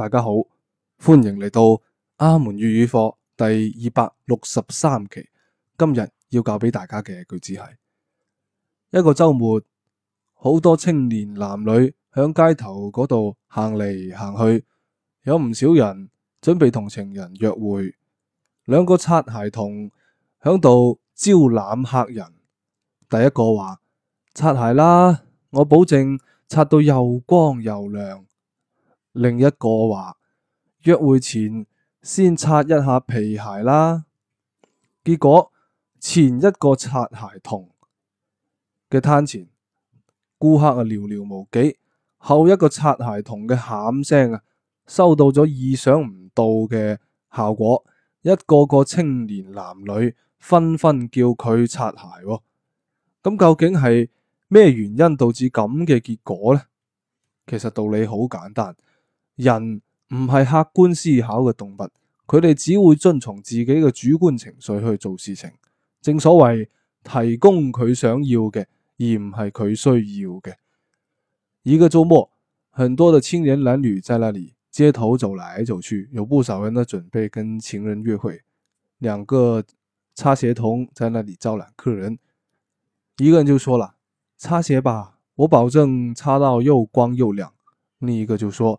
大家好，歡迎嚟到阿門粵語課第二百六十三期。今日要教俾大家嘅句子係：一個周末，好多青年男女響街頭嗰度行嚟行去，有唔少人準備同情人約會。兩個擦鞋童響度招攬客人。第一個話：擦鞋啦，我保證擦到又光又亮。另一個話，約會前先擦一下皮鞋啦，結果前一個擦鞋童嘅攤前顧客啊寥寥無幾，後一個擦鞋童嘅喊聲啊收到咗意想唔到嘅效果，一個個青年男女紛紛叫佢擦鞋啊。咁究竟係咩原因導致咁嘅結果咧？其實道理好簡單。人唔係客觀思考嘅動物，佢哋只會遵從自己嘅主觀情緒去做事情。正所謂提供佢想要嘅，而唔係佢需要嘅。一個周末，很多嘅青年男女在那裏街頭走來走去，有不少人呢準備跟情人約會。兩個擦鞋童在那裏招攬客人，一個人就說了：擦鞋吧，我保證擦到又光又亮。另一個就說。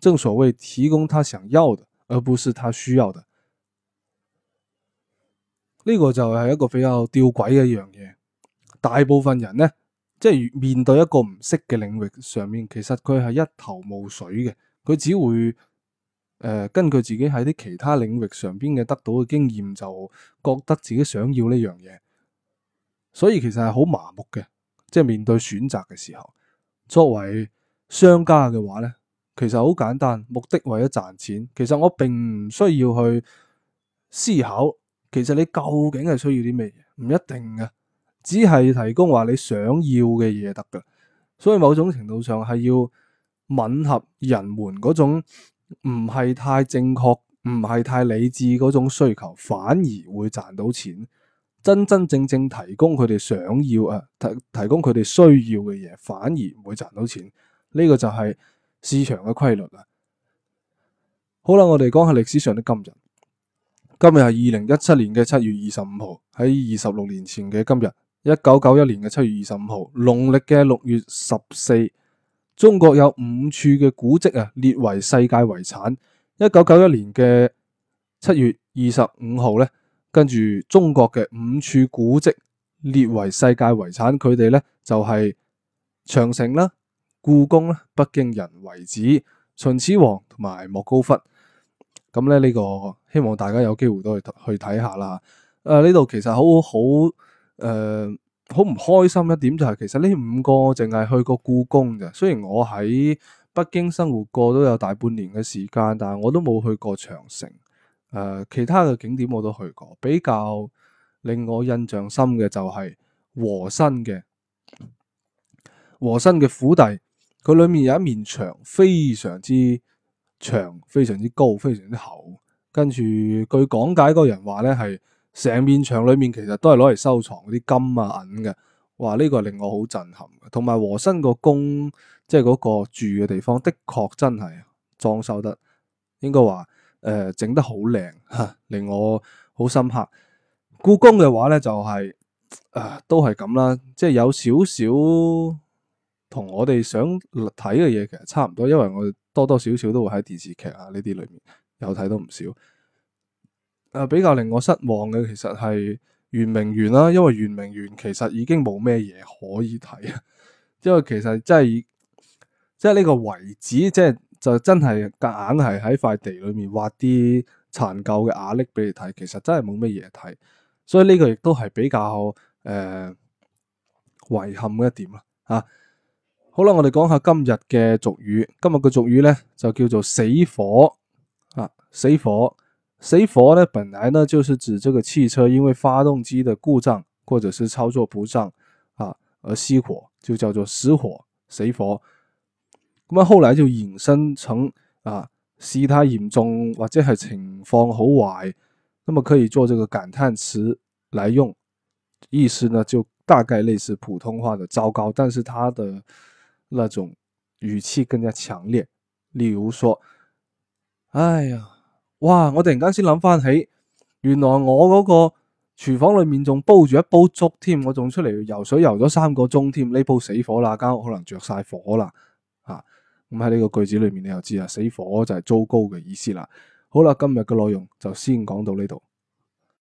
正所謂提供他想要的，而不是他需要的，呢個就係一個比較吊詭嘅一樣嘢。大部分人呢，即係面對一個唔識嘅領域上面，其實佢係一頭霧水嘅，佢只會誒、呃、根據自己喺啲其他領域上邊嘅得到嘅經驗，就覺得自己想要呢樣嘢，所以其實係好麻木嘅，即係面對選擇嘅時候，作為商家嘅話呢。其實好簡單，目的為咗賺錢。其實我並唔需要去思考，其實你究竟係需要啲咩嘢？唔一定嘅，只係提供話你想要嘅嘢得㗎。所以某種程度上係要吻合人們嗰種唔係太正確、唔係太理智嗰種需求，反而會賺到錢。真真正正提供佢哋想要啊，提提供佢哋需要嘅嘢，反而唔會賺到錢。呢個就係市場嘅規律啊，好啦，我哋講下歷史上的今日。今日係二零一七年嘅七月二十五號，喺二十六年前嘅今日，一九九一年嘅七月二十五號，農曆嘅六月十四，中國有五處嘅古蹟啊列為世界遺產。一九九一年嘅七月二十五號咧，跟住中國嘅五處古蹟列為世界遺產，佢哋咧就係長城啦。故宮咧，北京人遺址，秦始皇同埋莫高窟，咁咧呢個希望大家有機會都去去睇下啦。誒，呢度其實好好誒，好唔開心一點就係，其實呢五個淨係去過故宮咋。雖然我喺北京生活過都有大半年嘅時間，但係我都冇去過長城。誒、呃，其他嘅景點我都去過，比較令我印象深嘅就係和珅嘅和珅嘅府邸。佢裏面有一面牆，非常之長，非常之高，非常之厚。跟住據講解嗰個人話咧，係成面牆裏面其實都係攞嚟收藏嗰啲金啊銀嘅。哇，呢個令我好震撼。同埋和珅個宮，即係嗰個住嘅地方，的確真係裝修得應該話誒整得好靚吓，令我好深刻。故宮嘅話咧就係誒都係咁啦，即係有少少。同我哋想睇嘅嘢其實差唔多，因為我多多少少都會喺電視劇啊呢啲裏面有睇到唔少。誒，比較令我失望嘅其實係圓明園啦，因為圓明園其實已經冇咩嘢可以睇啊，因為其實真係即係呢個遺址，即係就真係夾硬係喺塊地裏面挖啲殘舊嘅瓦礫俾你睇，其實真係冇咩嘢睇，所以呢個亦都係比較誒、呃、遺憾嘅一點啦、啊、吓、啊。好啦，我哋講下今日嘅俗語。今日嘅俗語呢，就叫做死火啊！死火，死火呢本來呢就是指這個汽車因為發動機的故障，或者是操作不當啊而熄火，就叫做死火。死火。咁啊，後來就延伸成啊事態嚴重或者係情況好壞，咁啊可以做這個感嘆詞來用，意思呢就大概類似普通話的糟糕，但是它的。那種如此更加強烈，例如說，哎呀，哇！我突然間先諗翻起，原來我嗰個廚房裏面仲煲住一煲粥添，我仲出嚟游水游咗三個鐘添，呢煲死火啦，間屋可能着晒火啦啊！咁喺呢個句子裏面，你又知啊，死火就係糟糕嘅意思啦。好啦，今日嘅內容就先講到呢度。